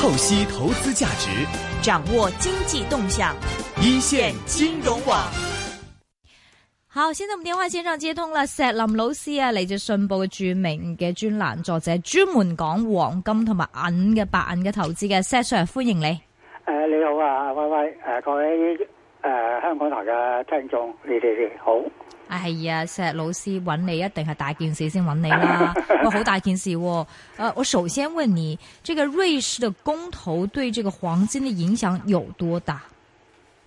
透析投資價值，掌握經濟動向，一線金融網。好，現在我們電話線上接通啦，石林老師啊，嚟自信報嘅著名嘅專欄作者，專門講黃金同埋銀嘅白銀嘅投資嘅，s 石 Sir，歡迎你。誒、呃，你好啊，喂喂，誒、啊、各位誒、呃、香港台嘅聽眾，你哋哋好。哎呀，石老師揾你一定係大件事先揾你啦，我、 哦、好大件事、哦。誒、呃，我首先問你，這個瑞士嘅公投對這個黃金的影響有多大？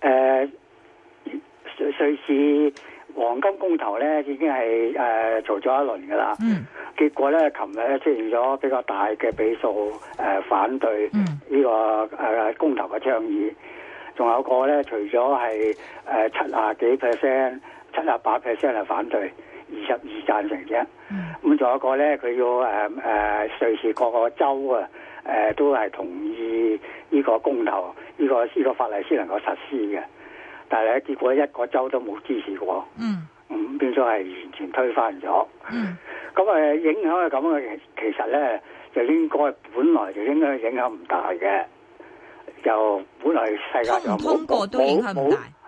誒、呃，瑞瑞士黃金公投咧已經係誒、呃、做咗一輪噶啦，嗯，結果咧，琴日出現咗比較大嘅比數誒、呃、反對、這個，呢個誒公投嘅倡議，仲有個咧，除咗係誒七啊幾 percent。七十八 percent 係反對，二十二贊成啫。咁仲、嗯、有一個咧，佢要誒誒，呃、瑞士各個州啊，誒、呃、都係同意呢個公投，呢、呢個呢、呢個法例先能夠實施嘅。但係咧，結果一個州都冇支持過。嗯，咁、嗯、變咗係完全推翻咗。嗯，咁誒影響係咁嘅，其實咧就應該本來就應該影響唔大嘅，就本來世界就通唔通過都影響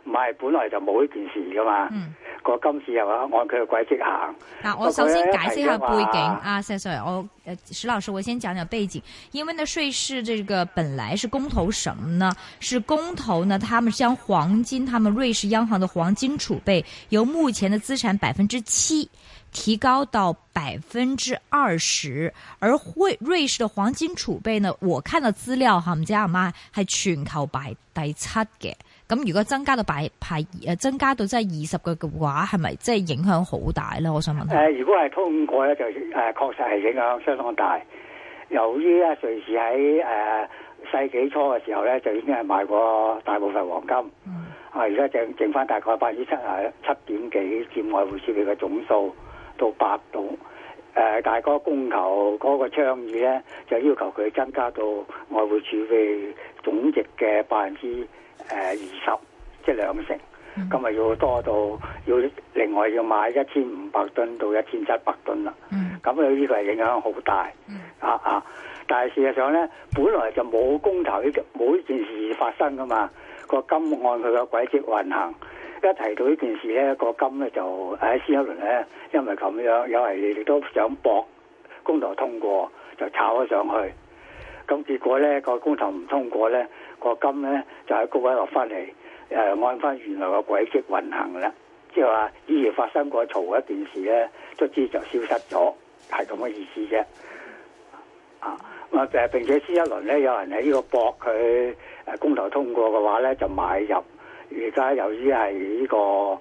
唔係，本來就冇呢件事噶嘛。嗯，個金市又啊，按佢嘅軌跡行。嗱、啊，我首先解釋下背景啊，石 Sir，我誒石老師，我先講講背景。因為呢，瑞士這個本來是公投，什麼呢？是公投呢？他們將黃金，他們瑞士央行的黃金儲備，由目前的資產百分之七提高到百分之二十。而匯瑞士的黃金儲備呢？我看到資料，哈，唔知有冇係全球排第七嘅。咁如果增加到百排，誒增加到即係二十個嘅話，係咪即係影響好大咧？我想問。誒、呃，如果係通過咧，就誒確、呃、實係影響相當大。由於咧，瑞士喺誒世紀初嘅時候咧就已經係賣過大部分黃金，啊而家剩剩翻大概百分之七啊七點幾佔外匯儲備嘅總數到八度。誒，大哥、呃、供求嗰、嗰個倡議咧，就要求佢增加到外匯儲備總值嘅百分之誒二十，即兩成，咁咪要多到要另外要買一千五百噸到一千七百噸啦。咁佢呢個係影響好大，啊啊！但係事實上咧，本來就冇公投呢冇呢件事發生噶嘛，個金按佢個軌跡運行。一提到呢件事呢，個金呢就喺、哎、先一輪呢，因為咁樣，有人亦都想搏，公投通過，就炒咗上去。咁結果呢，個公投唔通過呢，個金呢就喺高位落翻嚟，誒按翻原來個軌跡運行啦。即係話以前發生過嘈一件事呢，卒之就消失咗，係咁嘅意思啫。啊，咁啊誒並且先一輪呢，有人喺呢個搏佢誒公投通過嘅話呢，就買入。而家由於係呢個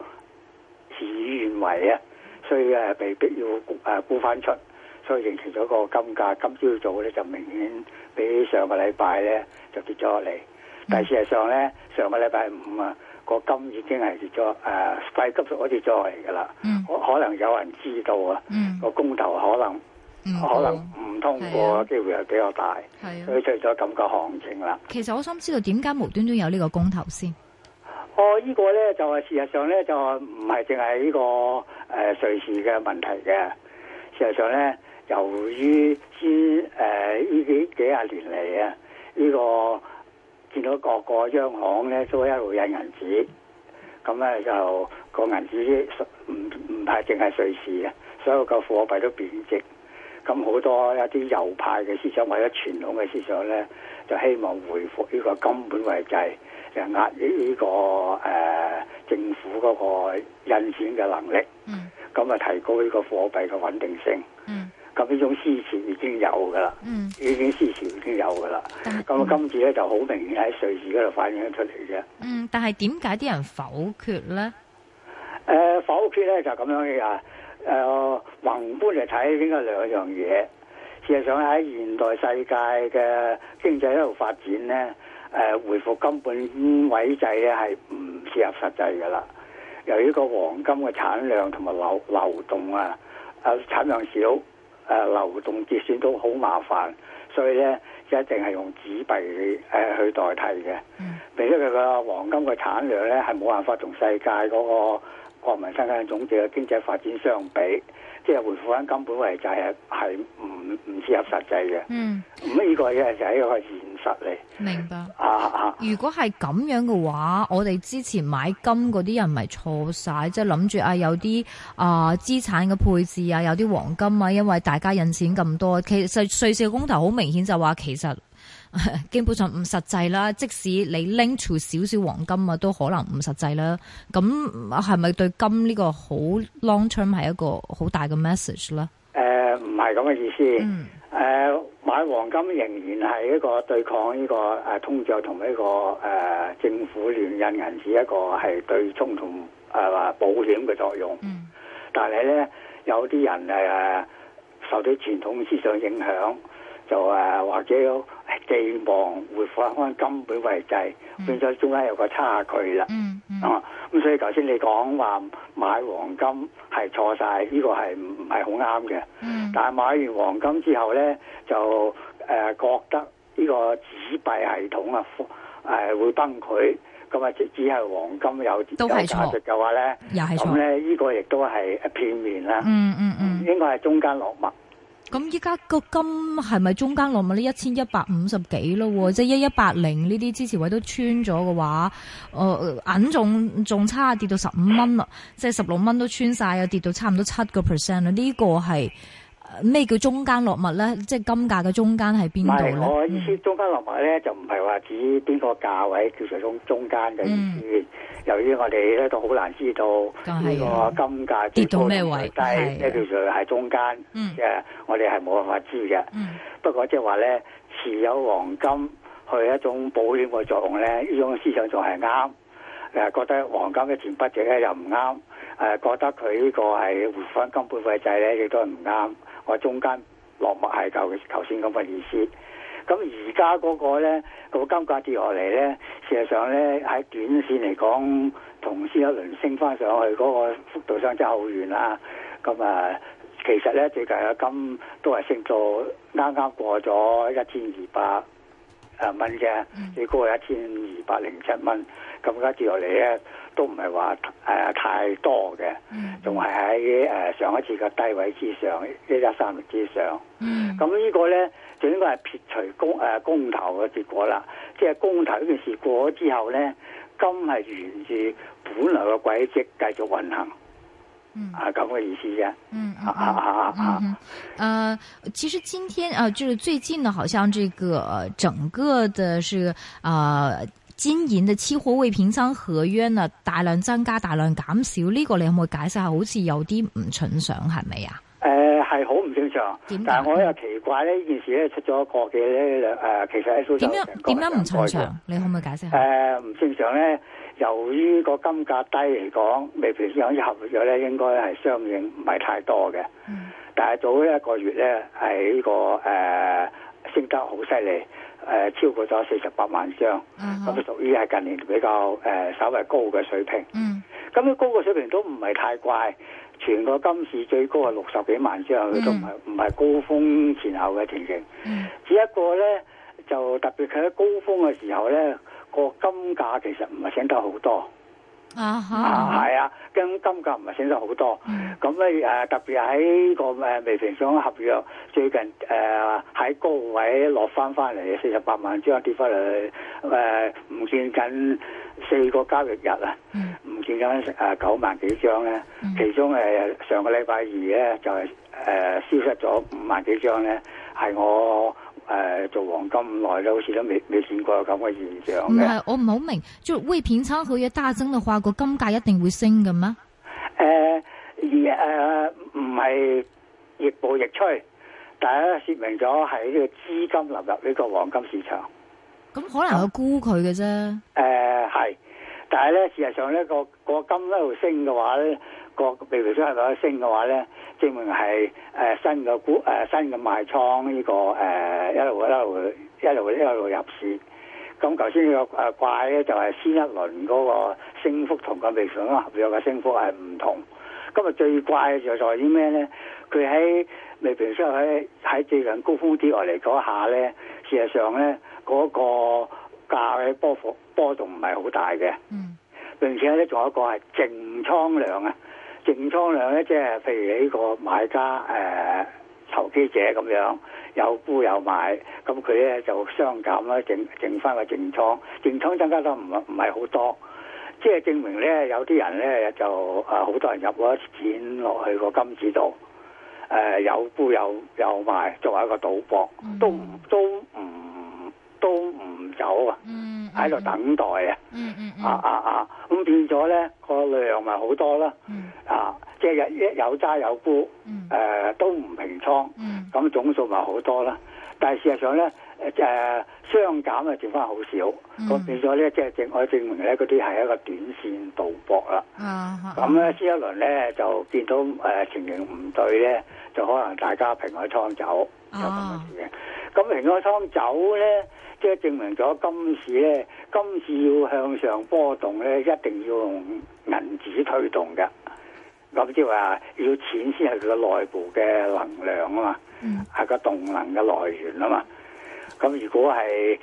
事與願違啊，所以咧被逼要誒沽、呃、翻出，所以形成咗個金價，今朝早咧就明顯比上個禮拜咧就跌咗落嚟。但係事實上咧，上個禮拜五啊，個金已經係跌咗誒快急速跌咗落嚟噶啦。嗯、可能有人知道啊？嗯，個公投可能過可能唔通過嘅、啊、機會係比較大。係啊，所以出咗咁個行情啦。其實我想知道點解無端端端有呢個公投先？我依、哦這個呢，就係事實上呢，就唔係淨係呢個誒瑞士嘅問題嘅，事實上呢，由於先誒依幾幾廿年嚟啊，依、這個見到各個央行呢，都一路印銀紙，咁呢，就、那個銀紙唔唔係淨係瑞士嘅，所有個貨幣都貶值，咁好多一啲右派嘅思想或者傳統嘅思想呢，就希望回復呢個金本位制。嘅壓抑呢、這個誒、呃、政府嗰個印錢嘅能力，咁啊、嗯、提高呢個貨幣嘅穩定性。咁呢、嗯、種思潮已經有噶啦，嗯、已經思潮已經有噶啦。咁啊但，今次咧、嗯、就好明顯喺瑞士嗰度反映咗出嚟嘅。嗯，但係點解啲人否決咧？誒、呃、否決咧就咁、是、樣嘅啊！誒、呃、宏觀嚟睇，邊個兩樣嘢？事實上喺現代世界嘅經濟一路發展咧。誒、呃、回復金本位制咧係唔切合實際嘅啦，由於個黃金嘅產量同埋流流動啊，誒、啊、產量少，誒、啊、流動結算都好麻煩，所以咧就一定係用紙幣誒、啊、去代替嘅。嗯，並且佢個黃金嘅產量咧係冇辦法同世界嗰個國民生產總值嘅經濟發展相比。即係回覆翻金本位就係係唔唔適合實際嘅。嗯，咁呢個嘢就係一個現實嚟。明白。啊、如果係咁樣嘅話，我哋之前買金嗰啲人咪錯晒。即係諗住啊有啲啊資產嘅配置啊，有啲黃金啊，因為大家印錢咁多，其實瑞士公投好明顯就話其實。基本上唔實際啦，即使你拎住少少黃金啊，都可能唔實際啦。咁，係咪對金呢個好 long term 係一個好大嘅 message 咧？誒、呃，唔係，咁嘅意思。誒、嗯呃，買黃金仍然係一個對抗呢、這個誒、啊、通脹同呢個誒、啊、政府亂印銀紙一個係對沖同誒話保險嘅作用。嗯，但係咧有啲人係誒、啊、受咗傳統思想影響。就誒、啊、或者寄望回復翻金本位制，嗯、變咗中間有個差距啦、嗯。嗯嗯。啊，咁所以頭先你講話買黃金係錯晒，呢個係唔係好啱嘅？嗯。但係買完黃金之後咧，就誒、呃、覺得呢個紙幣系統啊誒、呃、會崩潰，咁啊只只係黃金有都有價值嘅話咧，又係錯。咁咧呢個亦都係片面啦。嗯嗯嗯，嗯。應該係中間落墨。咁依家個金係咪中間落埋呢？一千一百五十幾咯，即係一一八零呢啲支持位都穿咗嘅話，誒、呃，銀仲仲差跌到十五蚊啦，即係十六蚊都穿晒啊，跌到差唔多七個 percent 啦，呢個係。咩叫中間落物咧？即係金價嘅中間係邊度？唔係我意思，嗯、中間落物咧就唔係話指邊個價位叫做中中間嘅。嗯、由於我哋咧都好難知道呢、嗯、個金價跌到咩位，即係叫做係中間嘅，嗯、我哋係冇辦法知嘅。嗯、不過即係話咧，持有黃金去一種保險嘅作用咧，呢種思想仲係啱。誒，覺得黃金嘅存不值咧又唔啱。誒，覺得佢呢個係回翻金本位制咧亦都唔啱。我中間落墨係頭先咁嘅意思，咁而家嗰個咧、個金價跌落嚟咧，事實上咧喺短線嚟講，同先一輪升翻上去嗰個幅度相差好遠啦、啊。咁啊，其實咧最近嘅金都係升咗，啱啱過咗一千二百。誒蚊嘅，你、嗯、高係一千二百零七蚊，咁加接落嚟咧都唔係話誒太多嘅，仲係喺誒上一次嘅低位之上，呢一三六之上。咁、嗯、呢個咧，就應該係撇除公誒、呃、公投嘅結果啦。即係公投呢件事過咗之後咧，金係沿住本來嘅軌跡繼續運行。嗯，係咁嘅意思嘅。嗯嗯嗯嗯嗯。呃、嗯嗯嗯嗯嗯嗯嗯，其實今天啊，就是最近呢，好像這個整個嘅是啊，金、呃、銀的期貨未平倉合約呢，大量增加，大量減少，呢、這個你可唔可以解釋下？好似有啲唔尋常，係咪啊？誒、呃，係好唔正常。但係我又奇怪咧，呢件事咧出咗一個嘅咧，誒、呃，其實喺蘇州點樣點樣唔尋常？你可唔可以解釋？誒、嗯，唔、呃、正常咧。由於個金價低嚟講，未平可以合約咗咧，應該係相應唔係太多嘅。嗯。但係早一個月咧，係呢、呢個誒、呃、升得好犀利，誒、呃、超過咗四十八萬張，咁、嗯、屬於係近年比較誒稍微高嘅水平。嗯。咁呢高嘅水平都唔係太怪，全個金市最高係六十幾萬張，佢都唔係唔係高峰前後嘅情形。嗯、只一個咧，就特別佢喺高峰嘅時候咧。個、哦、金價其實唔係升得好多啊係、uh huh, uh huh. 啊，跟、啊、金價唔係升得好多。咁咧誒，特別喺個誒未平倉合約，最近誒喺、呃、高位落翻翻嚟，四十八萬張跌翻嚟，誒、呃、唔見緊四個交易日啊，唔、嗯、見緊誒九萬幾張咧。嗯、其中誒、呃、上個禮拜二咧就係誒消失咗五萬幾張咧，係我。誒、呃，做黃金咁耐咧，好似都未未見過有咁嘅現象。唔係，我唔好明，即係匯片差佢嘢大增嘅話，個金價一定會升嘅咩？誒，而誒唔係亦步亦趨，但係咧說明咗係呢個資金流入呢個黃金市場。咁可能佢估佢嘅啫。誒、呃、係，但係咧事實上咧個、那個金一度升嘅話咧。個微盤升一升嘅話咧，證明係誒新嘅股誒新嘅賣倉呢、這個誒、呃、一路一路一路一路入市。咁頭先嘅誒怪咧就係先一輪嗰個升幅同個微盤合約啊，嘅升幅係唔同。今、嗯、日、嗯、最怪嘅就係在於咩咧？佢喺未平息、喺喺最近高峯跌落嚟嗰下咧，事實上咧嗰、那個價嘅波幅波動唔係好大嘅。嗯，並且咧仲有一個係淨倉量啊！淨倉量咧，即係譬如呢個買家誒、呃，投機者咁樣有沽有買，咁佢咧就相減啦，整淨翻個淨倉，淨倉增，增加得唔唔係好多，即係證明咧有啲人咧就啊好、呃、多人入咗錢落去個金紙度，誒、呃、有沽有有買，作為一個賭博，都、mm hmm. 都唔都唔、嗯、走啊。Mm hmm. 喺度等待啊！啊啊啊！咁變咗咧個量咪好多啦！啊，即係一一有揸有沽，誒都唔平倉，咁總數咪好多啦。但係事實上咧，誒相減啊，剩翻好少，咁變咗咧即係淨可以證明咧，嗰啲係一個短線賭博啦。咁咧，先一輪咧就見到誒情形唔對咧，就可能大家平咗倉走，有咁嘅事情。咁平安倉走咧，即係證明咗今次咧，今次要向上波動咧，一定要用銀紙推動嘅。咁即係話要錢先係佢嘅內部嘅能量啊嘛，係、嗯、個動能嘅來源啊嘛。咁如果係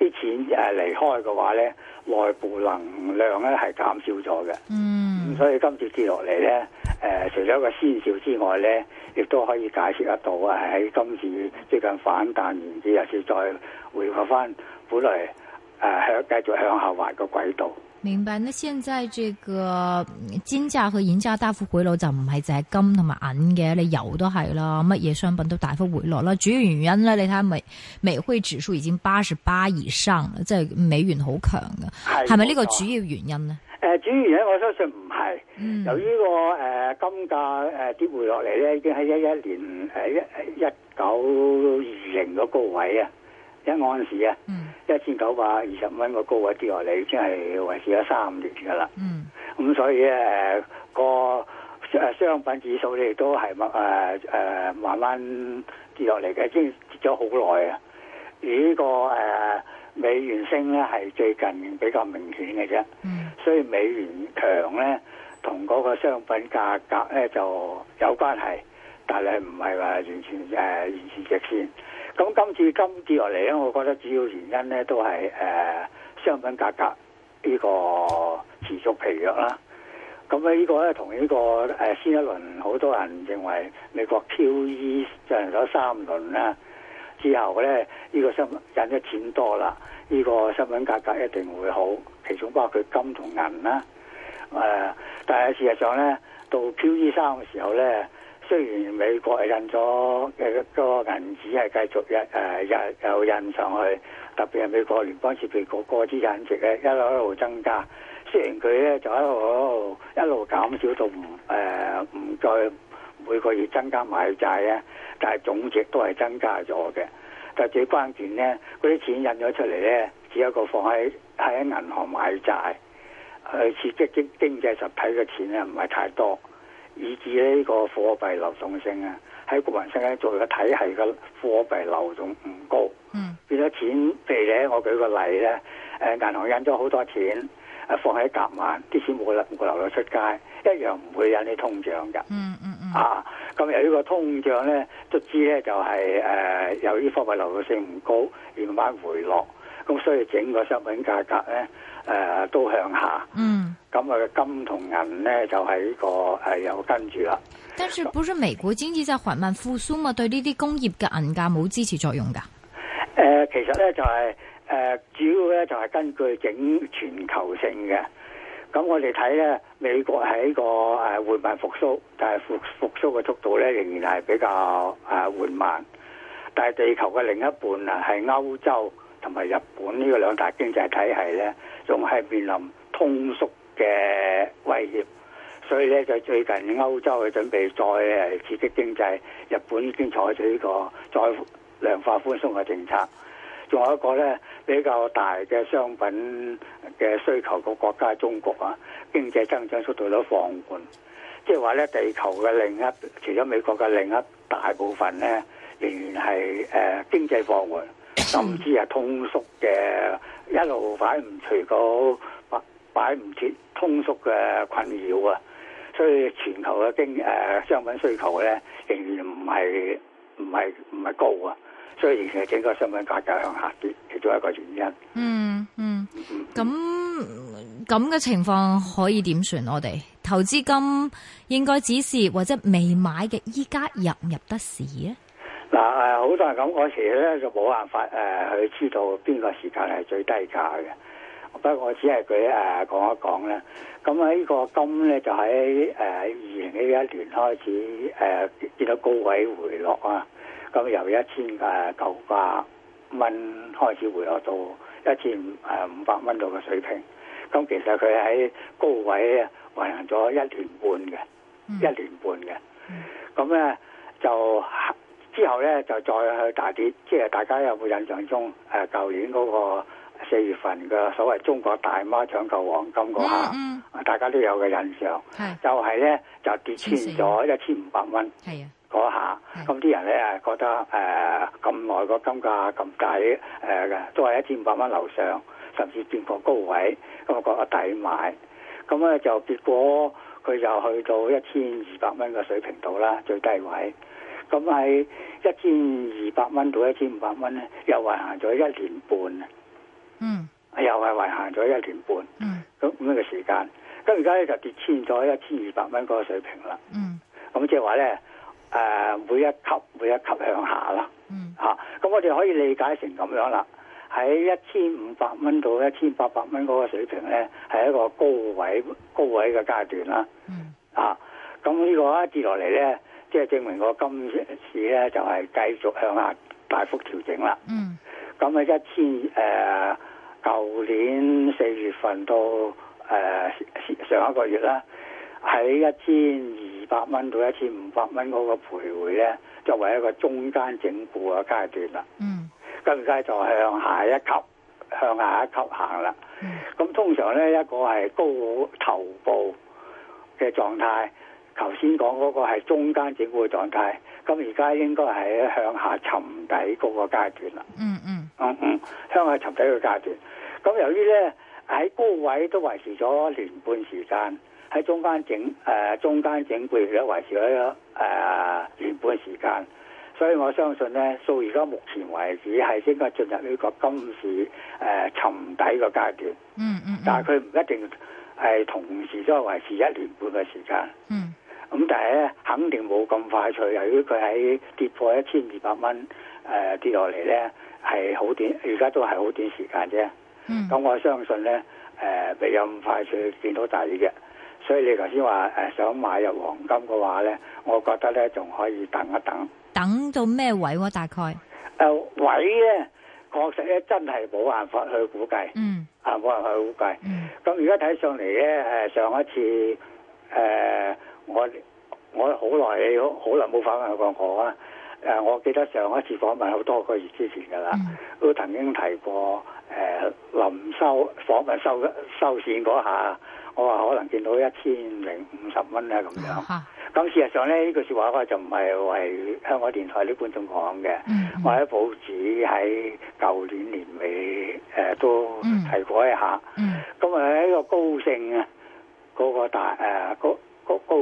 啲錢誒離開嘅話咧，內部能量咧係減少咗嘅。嗯，所以今次跌落嚟咧，誒、呃、除咗一個先兆之外咧。亦都可以解釋得到啊！喺今次最近反彈完之後，是再回覆翻本嚟誒向繼續向下滑嘅軌道。明白。呢？現在這個金價和銀價大幅回落，就唔係淨係金同埋銀嘅，你油都係啦，乜嘢商品都大幅回落啦。主要原因咧，你睇下美美匯指數已經八十八以上，即係美元好強嘅，係咪呢個主要原因呢？誒主要原因咧，我相信唔係。嗯、由於個誒金價誒、呃、跌回落嚟咧，已經喺一一年誒一、呃、一九二零嘅高位啊，一安士啊，一千九百二十蚊嘅高位跌落嚟，已經係維持咗三年㗎啦。咁、嗯嗯、所以誒、呃那個誒商品指數咧亦都係誒誒慢慢跌落嚟嘅，即係跌咗好耐啊。而呢、這個誒、呃、美元升咧，係最近比較明顯嘅啫。嗯嗯所以美元強咧，同嗰個商品價格咧就有關係，但係唔係話完全誒完全直線。咁今次金跌落嚟咧，我覺得主要原因咧都係誒、呃、商品價格呢個持續疲弱啦。咁咧呢、這個咧同呢個誒先一輪好多人認為美國 QE 進行咗三輪啦，之後咧，呢、這個新印嘅錢多啦，呢、這個商品價格一定會好。其中包括金同銀啦，誒、呃，但係事實上咧，到 QE 三嘅時候咧，雖然美國係印咗誒個銀紙係繼續印誒印有印上去，特別係美國聯邦設備嗰嗰啲資產值咧一路一路增加，雖然佢咧就喺度一路減少到唔誒唔再每個月增加買債咧，但係總值都係增加咗嘅。但係最關鍵咧，嗰啲錢印咗出嚟咧。只有一個放喺喺銀行買債，誒，刺激經經濟實體嘅錢咧唔係太多，以致呢個貨幣流動性啊喺國民身咧，作為一個體系嘅貨幣流動唔高，嗯，變咗錢譬如咧。我舉個例咧，誒，銀行印咗好多錢誒，放喺夾萬，啲錢冇流冇流到出街，一樣唔會引起通脹嘅，嗯嗯嗯，啊，咁由於呢個通脹咧，卒之咧就係誒，由於貨幣流動性唔高，慢慢回落。咁所以整個商品價格咧，誒、呃、都向下。嗯。咁啊，金同銀咧就係呢、這個誒、呃、又跟住啦。但係，不是美國經濟在緩慢復蘇嘛？對呢啲工業嘅銀價冇支持作用噶。誒、呃，其實咧就係、是、誒、呃、主要咧就係、是、根據整全球性嘅。咁、嗯、我哋睇咧，美國喺呢個誒緩慢復蘇，但係復復蘇嘅速度咧仍然係比較誒緩慢。但係地球嘅另一半啊，係歐洲。同埋日本呢個兩大經濟體系呢，仲係面臨通縮嘅威脅，所以呢，就最近歐洲嘅準備再刺激經濟，日本已經採取呢個再量化寬鬆嘅政策，仲有一個呢比較大嘅商品嘅需求嘅國家中國啊，經濟增長速度都放緩，即係話呢，地球嘅另一除咗美國嘅另一大部分呢，仍然係誒、呃、經濟放緩。都唔知係通縮嘅一路擺唔除到擺擺唔切通縮嘅困擾啊！所以全球嘅經誒商品需求咧仍然唔係唔係唔係高啊！所以其實整個商品價格向下跌，其中一個原因。嗯嗯，咁咁嘅情況可以點算我哋？投資金應該只是或者未買嘅，依家入唔入得市咧？嗱誒，好多人咁嗰時咧就冇辦法誒去知道邊個時間係最低價嘅。不過我只係佢誒講一講咧。咁喺呢個金咧就喺誒二零一一年開始誒、呃、見到高位回落啊。咁由一千誒九百蚊開始回落到一千誒五百蚊度嘅水平。咁其實佢喺高位橫行咗一年半嘅，嗯、一年半嘅。咁咧就之後咧就再去大跌，即係大家有冇印象中誒？舊年嗰個四月份嘅所謂中國大媽搶購黃金嗰下，嗯嗯、大家都有嘅印象，是就係咧就跌穿咗一千五百蚊，嗰下、啊，咁啲、啊、人咧覺得誒咁耐個金價咁低誒嘅、呃，都係一千五百蚊樓上，甚至跌破高位，咁我覺得抵買，咁咧就結果佢就去到一千二百蚊嘅水平度啦，最低位。咁喺一千二百蚊到一千五百蚊咧，又橫行咗一年半啊！嗯，又係橫行咗一年半。嗯，咁咁樣嘅時間，咁而家咧就跌穿咗一千二百蚊嗰個水平啦。嗯，咁即係話咧，誒、呃，每一級每一級向下啦。嗯，吓、啊，咁我哋可以理解成咁樣啦。喺一千五百蚊到一千八百蚊嗰個水平咧，係一個高位高位嘅階段啦。嗯，啊，咁、啊、呢個一跌落嚟咧。即係證明我今次咧就係、是、繼續向下大幅調整啦。嗯。咁喺一千誒舊、呃、年四月份到誒、呃、上一個月咧，喺一千二百蚊到一千五百蚊嗰個徘徊咧，作為一個中間整固嘅階段啦。嗯。跟住就向下一級，向下一級行啦。咁、嗯、通常咧一個係高頭部嘅狀態。頭先講嗰個係中間整固嘅狀態，咁而家應該係向下沉底嗰個階段啦、嗯。嗯嗯嗯嗯，向下沉底個階段。咁由於呢喺高位都維持咗年半時間，喺中間整誒、呃、中間整固而維持咗誒一年半時間，所以我相信呢，到而家目前為止係應該進入呢個金市誒、呃、沉底個階段。嗯嗯，嗯嗯但係佢唔一定係同時都維持一年半嘅時間。嗯。嗯咁但係咧，肯定冇咁快脆。由於佢喺跌破一千二百蚊，誒、呃、跌落嚟咧，係好短，而家都係好短時間啫。咁、嗯、我相信咧，誒未有咁快脆見到大嘅。所以你頭先話誒想買入黃金嘅話咧，我覺得咧仲可以等一等。等到咩位、啊？大概？誒、呃、位咧，確實咧真係冇辦法去估計。嗯，啊計嗯。啊，冇辦法估計。咁而家睇上嚟咧，誒上一次誒。我我好耐好耐冇反問過我啦、啊，誒、呃，我記得上一次訪問好多個月之前㗎啦，mm hmm. 都曾經提過誒、呃、臨收訪問收收線嗰下，我話可能見到一千零五十蚊咧咁樣。咁、mm hmm. 事實上咧，呢句説話咧就唔係為香港電台啲觀眾講嘅，我喺、mm hmm. 報紙喺舊年年尾誒、呃、都提過一下。咁啊喺一個高盛啊嗰、那個大誒、呃高高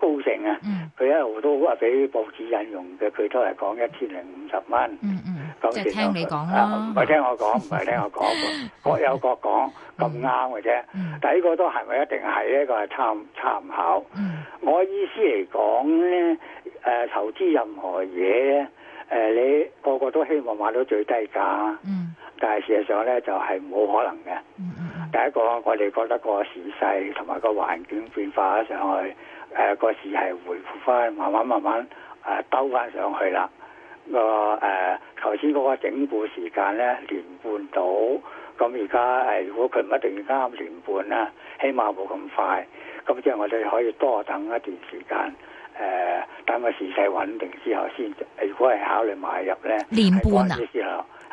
高盛啊！佢一路都話俾報紙引用嘅，佢都係講一千零五十蚊。嗯嗯，即係聽你講，唔係聽我講，唔係聽我講，各有各講，咁啱嘅啫。但係呢個都係咪一定係呢個係參參考？我意思嚟講咧，誒投資任何嘢，誒你個個都希望買到最低價。嗯，但係事實上咧就係冇可能嘅。第一個我哋覺得個時勢同埋個環境變化咗上去，誒、呃、個市係回復翻，慢慢慢慢誒兜翻上去啦。個誒頭先嗰個整固時間咧年半到，咁而家誒如果佢唔一定啱年半啦，起碼冇咁快，咁、嗯、即係我哋可以多等一段時間，誒、呃、等個時勢穩定之後先。如果係考慮買入咧，年半啊，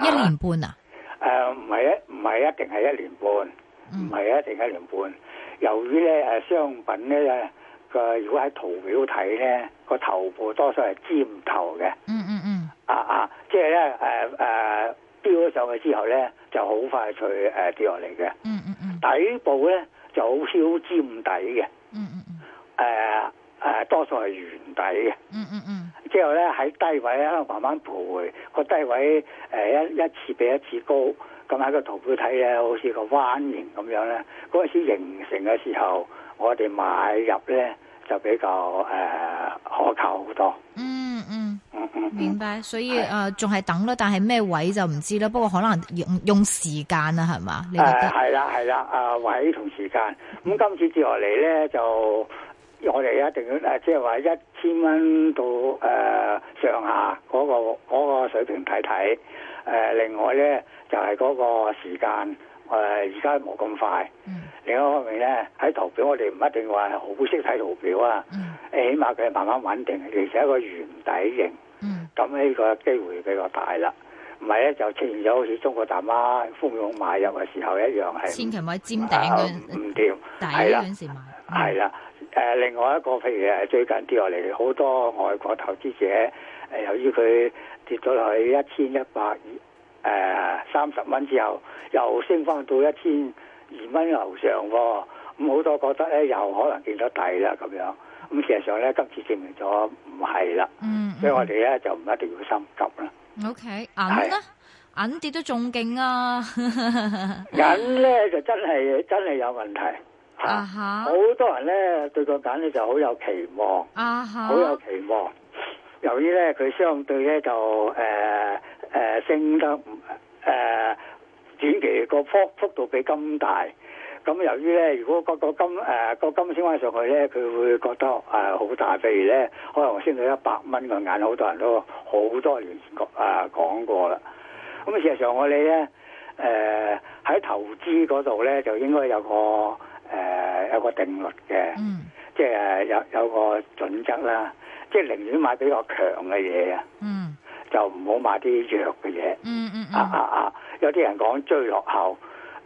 一年半啊？誒唔係一唔係一定係一,一年半，年半年。唔係一定一年半。由於咧誒商品咧個，如果喺圖表睇咧個頭部多數係尖頭嘅、嗯，嗯嗯嗯，啊啊，即係咧誒誒飆咗上去之後咧就好快隨誒跌落嚟嘅，嗯嗯嗯，底部咧就好少尖底嘅、嗯，嗯嗯、啊啊、嗯，誒多數係圓底嘅，嗯嗯嗯，之後咧喺低位咧慢慢徘徊，個低位誒一一次比一次高。咁喺個圖表睇咧，好似個彎形咁樣咧。嗰陣時形成嘅時候，我哋買入咧就比較誒可靠好多。嗯嗯 明白。所以誒，仲係、 呃、等咯，但係咩位就唔知啦。不過可能用用時間啦，係嘛？誒、呃，係啦係啦。誒、呃，位同時間。咁今次接落嚟咧就。我哋一定要誒，即係話一千蚊到誒上下嗰個嗰個水平睇睇。誒，另外咧就係嗰個時間誒，而家冇咁快。另一方面咧，喺圖表我哋唔一定話好識睇圖表啊。起碼佢係慢慢穩定，形成一個圓底型。嗯。咁呢個機會比較大啦。唔係咧，就出現咗好似中國大媽蜂擁買入嘅時候一樣，係千祈唔好喺尖頂嗰陣唔掂，底嗰陣時買。係啦。誒、呃，另外一個譬如誒，最近跌落嚟好多外國投資者，誒、呃，由於佢跌咗落去一千一百二誒三十蚊之後，又升翻到一千二蚊樓上，咁、哦、好多覺得咧又可能見到底啦咁樣，咁、嗯、事、嗯、實上咧今次證明咗唔係啦，嗯，所以我哋咧就唔一定要心急啦。O K，銀咧銀跌都仲勁啊，銀 咧就真係真係有問題。啊好、uh huh. 多人咧對個眼咧就好有期望，啊好、uh huh. 有期望。由於咧佢相對咧就誒誒、呃呃、升得誒短、呃、期個波幅，幅度比金大。咁由於咧，如果個金誒個、呃、金升翻上去咧，佢會覺得誒好、呃、大。譬如咧，可能升到一百蚊個眼，好多人都好多年誒講過啦。咁事實上我哋咧誒喺投資嗰度咧，就應該有個。誒、呃、有個定律嘅，即係有有個準則啦。即係寧願買比較強嘅嘢啊，就唔好買啲弱嘅嘢。嗯嗯啊啊啊，有啲人講追落後，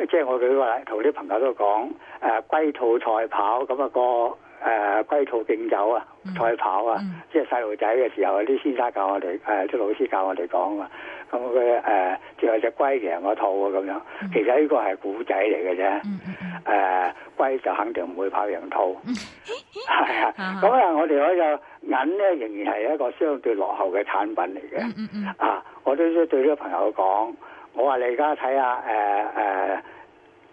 即係我舉個例，同啲朋友都講誒、呃、龜兔賽跑咁啊，那個誒、呃、龜兔競走啊賽跑啊，嗯、即係細路仔嘅時候啲先生教我哋誒啲老師教我哋講，那個呃、啊，咁佢誒最後隻龜贏個兔啊咁樣。其實呢個係古仔嚟嘅啫。嗯嗯誒，龜就肯定唔會跑羊兔，係啊。咁啊，我哋嗰個銀咧，仍然係一個相對落後嘅產品嚟嘅。啊，我都對呢個朋友講，我話你而家睇下誒誒，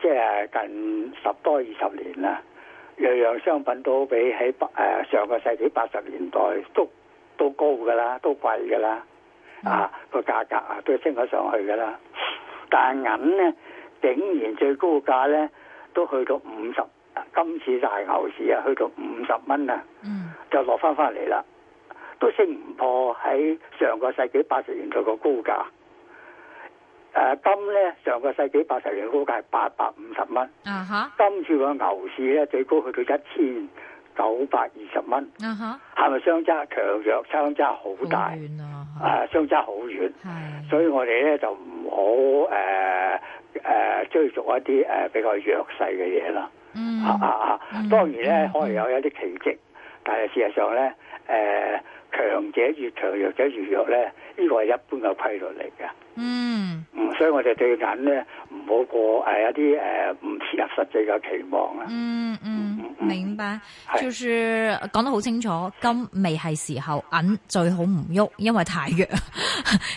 即係近十多二十年啦，樣樣商品都比起八上個世紀八十年代都都高㗎啦，都貴㗎啦。啊，個價格啊都升咗上去㗎啦。但係銀咧，仍然最高價咧。都去到五十，今次大牛市啊，去到五十蚊啊，嗯、就落翻翻嚟啦，都升唔破喺上個世紀八十年代個高價。誒、呃，今咧上個世紀八十年高價係八百五十蚊，啊、哈今次個牛市咧最高去到一千九百二十蚊，係咪、啊、哈相差強弱相差唔好大？啊哈 啊，相差好遠，的所以我哋咧就唔好誒誒追逐一啲誒比較弱勢嘅嘢啦。嗯、啊啊啊！當然咧，嗯、可能有一啲奇蹟，嗯、但係事實上咧，誒、呃、強者越強，弱者越弱咧，呢個係一般嘅規律嚟嘅。嗯，嗯，嗯，所以我哋對銀咧唔好過誒一啲誒唔切合實際嘅期望啦。嗯嗯。明白，就是講得好清楚，金未係時候，銀最好唔喐，因為太弱。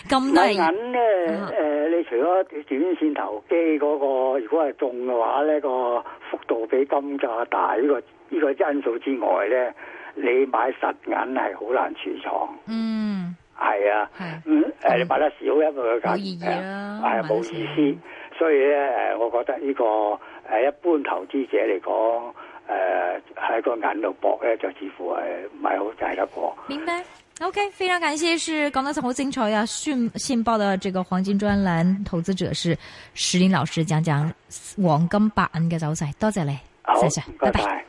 金對銀咧，誒，你除咗短線投機嗰個，如果係中嘅話咧，個幅度比金價大，呢個呢個因素之外咧，你買實銀係好難儲藏。嗯，係啊，係，嗯，誒，你買得少一個嘅價，冇意義啦，係冇意思。所以咧，誒，我覺得呢個誒，一般投資者嚟講。誒，喺、呃、個眼度搏咧，就似乎係唔係好大得過。明白，OK，非常感謝，是講得真好精彩啊！信信報的這個黃金專欄投資者是石林老師，講講黃金白銀嘅走勢，多謝你，再見，拜拜。謝謝。